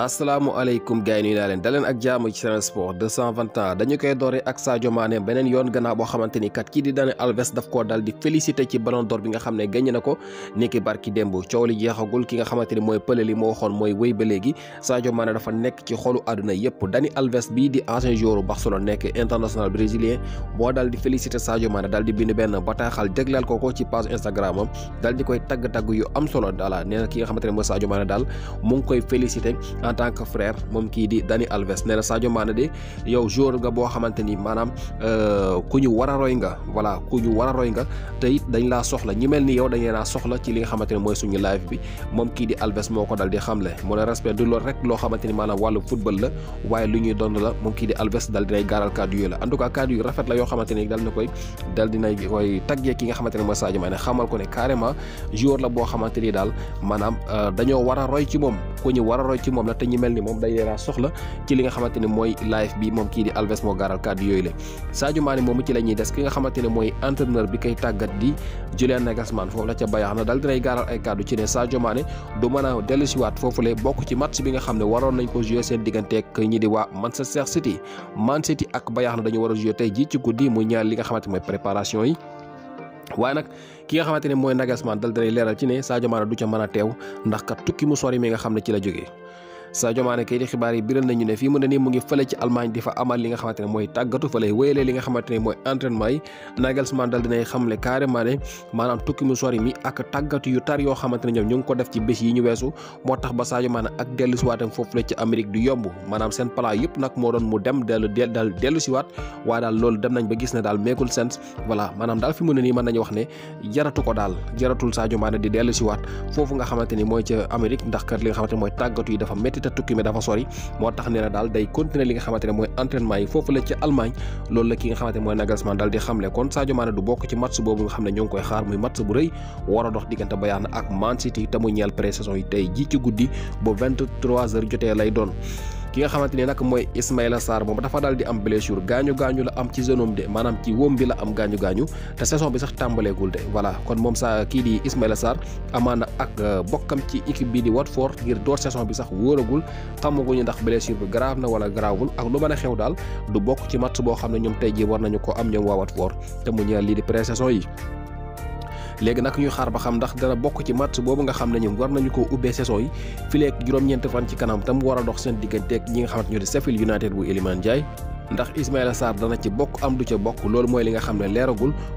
asalaamualeykum gars yi nuyu naa leen daleen ak jaamu ci Sen Sports 221 dañu koy doore ak Sadio Mané beneen yoon gannaaw boo xamante ni kat kii di Dani Alves daf koo dal di félicité ci Ballon d'Or bi nga xam ne gagné na ko niki barki démb coow li jeexagul ki nga xamante ni mooy pële li moo waxoon mooy wéy ba léegi Sadio Mané dafa nekk ci xolu àdduna yépp Dani Alves bii di ancien joueur Barcelone nekk international brésilien boo dal di félicité Sadio Mané dal di bind benn bataaxal jagleel ko ko ci page Instagram am dal koy tagg-tagg am solo daala nee na ki nga xamante ne mooy Sadio Mané daal mu ngi koy félicité en tant que frère moom kii di Dani Alves nee na Sadio Mané de yow joueur nga boo xamante ni maanaam euh, ku ñu war a roy nga voilà ku ñu war a roy nga te dañ laa soxla ñi mel ni yow dañ laa soxla ci li nga xamante ne mooy suñu live bi moom kii moo ko dal di xamle mu ne respect rek loo xamante ni maanaam wàllu football la waaye lu ñuy dond la moom kii di Alves dal dinay gaaral kàddu yooyu la en rafet la yoo xamante ni dal na koy dal dinay koy taggee ki nga xamante ne mooy Sadio Mané xamal ko ne carrément joueur la boo xamante ni daal maanaam euh, dañoo war a roy ci moom ku ñu war roy ci moom soxla te ñu mel ni moom dañ leen a soxla ci li nga xamante ne mooy live bi moom kii di Alves moo gaaral kàddu yooyu la Sadio Mané moomu ci la ñuy des ki nga xamante ne mooy entraîneur bi koy tàggat di Julian Nagelsmann foofu la ca Bayern na dal dinay gaaral ay kàddu ci ne Sadio Mané du mën a dellusiwaat foofu lay bokk ci match bi nga xam ne waroon nañ ko jouer seen digganteeg ñi di waa Manchester City Man ak Bayern na dañu war a jouer tey ji ci guddi muy ñaar li nga xamante mooy préparation yi waaye nag ki nga xamante ne mooy Nagelsmann dal dalay leeral ci ne Sadio Mané du ca mën a teew ndax kat tukki mu sori mi nga xam ne ci la Sadio Mané kay di xibaar yi biral nañu ne fii mu ne nii mu ngi fële ci Allemagne di fa amal li nga xamante mooy tàggatu fa lay li nga xamante mooy entraînement yi Nagelsmann dal yu tar yoo xamante ne ñoom ñu ngi ko def ci bés yi ñu weesu moo tax ba Sadio Mané ak dellu siwaatam foofu la ci Amérique du yomb maanaam seen plan yëpp nag moo doon mu dem dellu dal dellu siwaat waaye daal loolu dem nañ ba gis ne daal meekul sens voilà maanaam daal fi mu ne nii nga xamante ni mooy ca Amérique ndax kat li tàggatu yi dafa métti te tukki mi dafa sori moo tax nee na daal day continuer li nga xamante ne mooy entraînement yi foofu la ci Allemagne loolu la ki nga xamante mooy Nagelsmann daal di xamle kon Sadio Mané du bokk ci match boobu nga xam ne ñoo ngi koy xaar muy match bu rëy war a dox diggante Bayern ak Man City te mu ñeel pré-saison yi tey jii ci guddi bu 23 heures jotee lay doon ki nga xamante ni nag mooy Ismaïla Sarr moom dafa daal di am blessure gaañu gaañu la am ci zone am de maanaam ci wóom bi la am gaañu gaañu te saison bi sax tàmbaleegul de voilà kon moom sa kii di Ismaïla Sarr amaana ak euh, bokkam ci équipe bi di Watford ngir door saison bi sax wóoragul xamaguñu ndax blessure bi grave na wala gravul ak lu mën a xew daal du bokk ci match boo xam ne ñoom tey ji war nañu ko am ñoom waa Watford te mu ñeel lii di pré-saison yi léegi nag ñuy xaar ba xam ndax dana bokk ci match boobu nga xam ne ñoom war nañu ko ubbee saison yi fileeg juróom-ñeent fan ci kanam tam war a dox seen digganteeg ñi nga xamante ñu di Sheffield United bu Iliman Ndiaye ndax ismaël Sarr dana ci bokk am du ci bokk lool moy li nga xam ne waye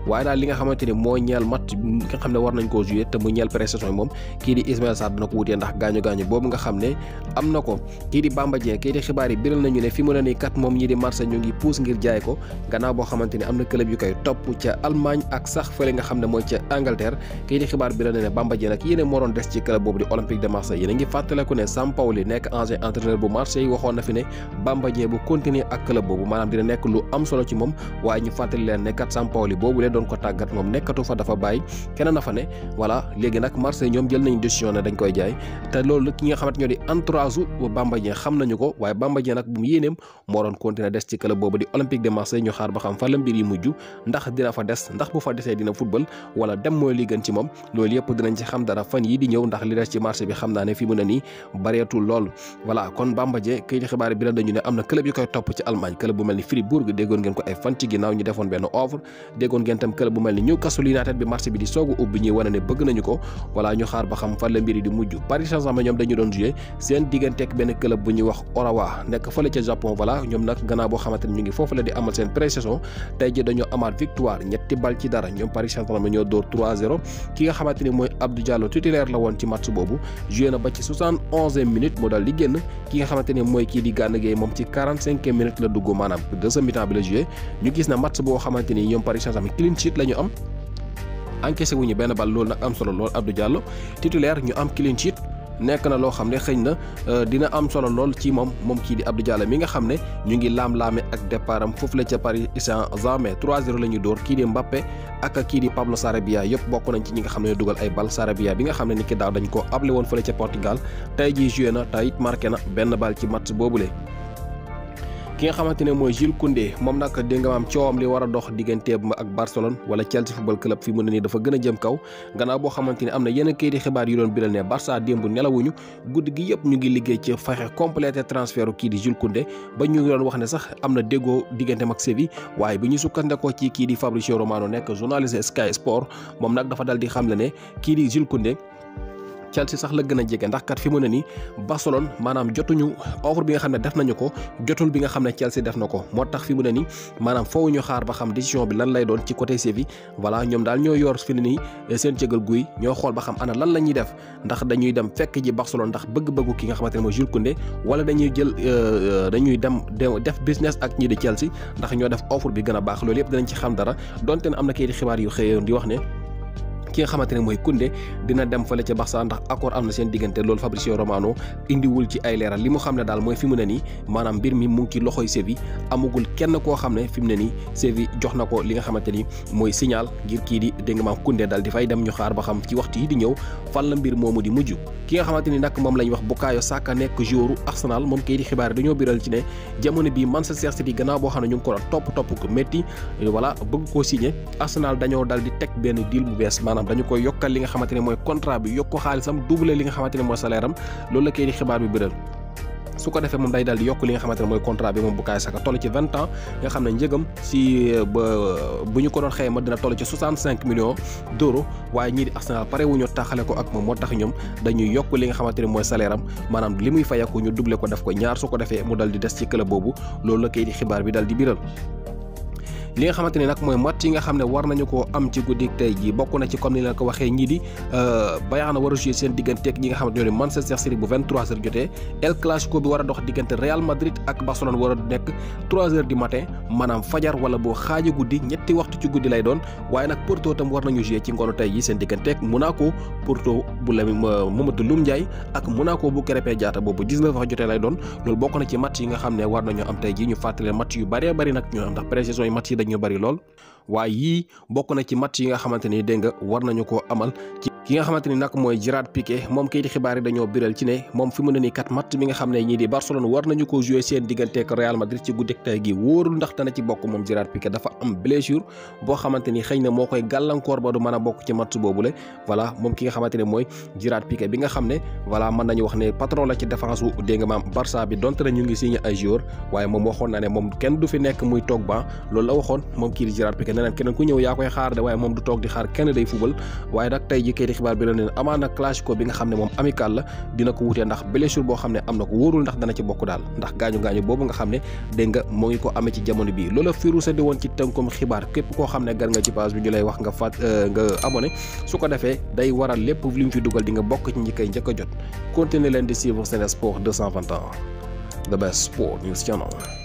waaye li nga xamanteni mo moo mat nga xam war nañ ko joué te mu ñeel prestation mom ki di ismaël Sarr dana ko wuté ndax gañu gañu bobu nga xam ne am na ko di Bamba Dieng ki di xibaar yi biral nañu ne fi mu ne kat mom ñi di marché ñu ngi pousse ngir jaay ko gannaaw bo xamanteni amna club yu kay top ci Allemagne ak sax fele nga xam ne ci Angleterre ki di xibaar bi na Bamba Dieng nag yene mo doon dess ci club bobu di Olympique de Marseille yéen ngi fatale ko ne Sampaoli nek ancien entraîneur bu Marseille waxoon na fi ne Bamba Dieng bu continuer ak club maanaam dina nekk lu am solo ci moom waaye ñu fàttali leen ne kat Sampaoli boobu lee doon ko tàggat moom nekkatu fa dafa bàyyi keneen a fa ne voilà léegi nag Marseille ñoom jël nañu décision ne dañ koy jaay te loolu ki nga xamante ñoo di entourage u Bamba Dieng xam nañu ko waaye Bamba Dieng nag bu mu yéeneem moo doon continuer des ci club boobu di Olympique de Marseille ñu xaar ba xam fa mbir yi mujj ndax dina fa des ndax bu fa desee dina football wala dem mooy li gën moom loolu yëpp dinañ ci xam dara fan yi di ñëw ndax li des ci marché bi xam naa ne fi mu ne nii lool voilà kon Bamba Dieng club bu mel ni Fribourg déggoon ngeen ko ay fan ginnaaw ñu defoon benn offre déggoon ngeen tam club bu mel ni Newcastle United bi marché bi di soogu ubbi ñuy wane ne bëgg nañu ko voilà ñu xaar ba xam fan la mbiri di mujj Paris saint ñoom dañu doon joué seen digganteeg benn club bu ñuy wax Orawa nekk fële ca Japon voilà ñoom nag gannaaw boo xamante ñu ngi foofu la di amal seen pré tey ji dañoo amaat victoire ñetti bal ci dara ñoom Paris manam deuxième mi-temps bi la joué ñu gis na match bo xamanteni ñom Paris Saint-Germain clean sheet lañu am encaissé wuñu ben bal lool nak am solo lool Abdou Diallo titulaire ñu am clean sheet nek na lo xamne xeyna euh, dina am solo lool ci mom mom ki di Abdou Diallo mi nga xamne ñu ngi lam lamé ak départam fofu la ci Paris Saint-Germain 3-0 lañu door ki di Mbappé ak ki di Pablo Sarabia yëpp bokku nañ ci ñi nga xamne duggal ay bal Sarabia bi nga xamne ne ni ki daaw dañ ko able won fele ci Portugal tay ji jouer na tey it marqué na ben bal ci match boobule ki nga xamante ne mooy Jules Koundé moom nag dégg nga maam coowam li war a dox digganteem ak Barcelone wala Chelsea football club fi mu ne nii dafa gën a jëm kaw gannaaw boo xamante ne am na yenn kayiti xibaar yu doon biral ne Barça démb nelawuñu guddi gi yëpp ñu ngi liggéey ci fexe complété transfert kii di Jules Koundé ba ñu doon wax ne sax am na déggoo digganteem ak Séville waaye bi ñu sukkandekoo ci kii di Fabrizio Romano nekk journaliste Sky Sport moom nag dafa dal di xamle ne kii di Jules Chelsea sax la gën a jege ndax kat fi mu ne nii Barcelone maanaam jotuñu offre bi nga xam ne def nañu ko jotul bi nga xam ne Chelsea def na ko moo tax fi mu ne nii maanaam foofu ñu xaar ba xam décision bi lan lay doon ci côté Séville voilà ñoom daal ñoo yor fi ne nii seen jégal guy ñoo xool ba xam ana lan la ñuy def ndax dañuy dem fekk ji Barcelone ndax bëgg-bëggu ki nga xamante ne mooy jur Koundé wala dañuy jël euh, euh, dañuy dem def business ak ñii di Chelsea ndax ñoo def offre bi gën a baax loolu yëpp dinañ ci xam dara donte ne am na kayit xibaar yu xëyoon di wax ne ki nga xamante ne mooy Koundé dina dem fële ca Barça ndax accord am na seen diggante loolu Fabrizio Romano indiwul ci ay leeral li mu xam ne daal mooy fi mu ne nii maanaam mbir mi mu ngi ci loxoy amagul kenn koo xam ne fi mu ne nii jox na ko li nga xamante ni mooy signal ngir kii di dégg nga maam Koundé daal di fay dem ñu xaar ba xam ci waxtu yi di ñëw fan la mbir moomu di mujj ki nga xamante ni nag moom lañ wax Bukayo Saka nekk joueur Arsenal moom kay di xibaar dañoo biral ci ne jamono bi Manchester City gannaaw boo xam ne ñu ngi ko doon topp topp ko métti voilà bëgg koo signé Arsenal dañoo dal di teg benn deal bu bees dañu ko yokkal li nga xamante ne mooy contrat bi yokk ko xaalisam doublé li nga xamante ne mooy salaire am loolu la kay di xibaar bi biral su ko defee moom day daal di yokk li nga xamante ne mooy contrat bi moom Bukayo Saka toll ci vingt ans nga xam ne njëgam si euh, bu ñu ko doon xayma dina toll ci soixante cinq millions d' euros waaye ñii di Arsenal pare wu taxale ko ak moom moo tax ñoom dañuy yokk li nga xamante ne mooy salaire am maanaam li muy fayeku ñu duble ko def ko ñaar su ko defee mu dal di des ci club boobu loolu la kay di xibaar bi dal di biral li nga xamante ne nag mooy mat yi nga xam ne war nañu koo am ci guddik tey bokk na ci comme ni leen ko waxee ñii di euh, Bayern war a jouer seen digganteeg ñi nga xamante ñoo di Manchester City bu 23h jotee El Clasico bi war a dox diggante Real Madrid ak Barcelone war a nekk 3h du matin maanaam fajar wala boo xaaja guddi ñetti waxtu ci guddi lay doon waaye nag Porto tam war nañu jouer ci ngoonu tey yi seen digganteeg Monaco Porto bu la euh, Mamadou Loum Ndiaye ak Monaco bu Krépin Diatta boobu 19 wax jotee lay doon loolu bokk na ci match yi nga xam ne war nañoo am tey jii ñu fàttale match yu bëree bëri nag ñoo am ndax pré-saison yi yi dañu bëri lool waaye yii bokk na ci match yi nga xamante ni dégg nga war nañu koo amal ci ki nga xamante ni nag mooy Gerard Piqué moom kayiti xibaar yi dañoo biral ci ne moom fi mu ne nii kat match mi nga xam ne ñii di Barcelone war nañu ko joué seen digganteek Real Madrid ci guddi tey gi wóorul ndax dana ci bokk moom Gerard Piqué dafa am blessure boo xamante ni xëy na moo koy gàllankoor ba du mën a bokk ci match boobule voilà moom ki nga xamante ne mooy Gerard Piqué bi nga xam ne voilà mën nañu wax ne patron la ci défense wu xibaar bi la leen clash classico bi nga xamne ne amical la dina ko wuté ndax blessure bo xamne amna ko worul ndax dana ci bokku dal ndax gañu gañu bobu nga xamne ne nga mo ngi ko amé ci jamono bii loola Firouza di won ci tankum xibaar kep ko xamne ne nga ci page bi ñu lay wax nga faat euh, nga abonné su ko day waral lepp li mu fi duggal di nga bokk ci ñi koy njëkk jot continuer leen di suivre sport Sport ans the best sport news channel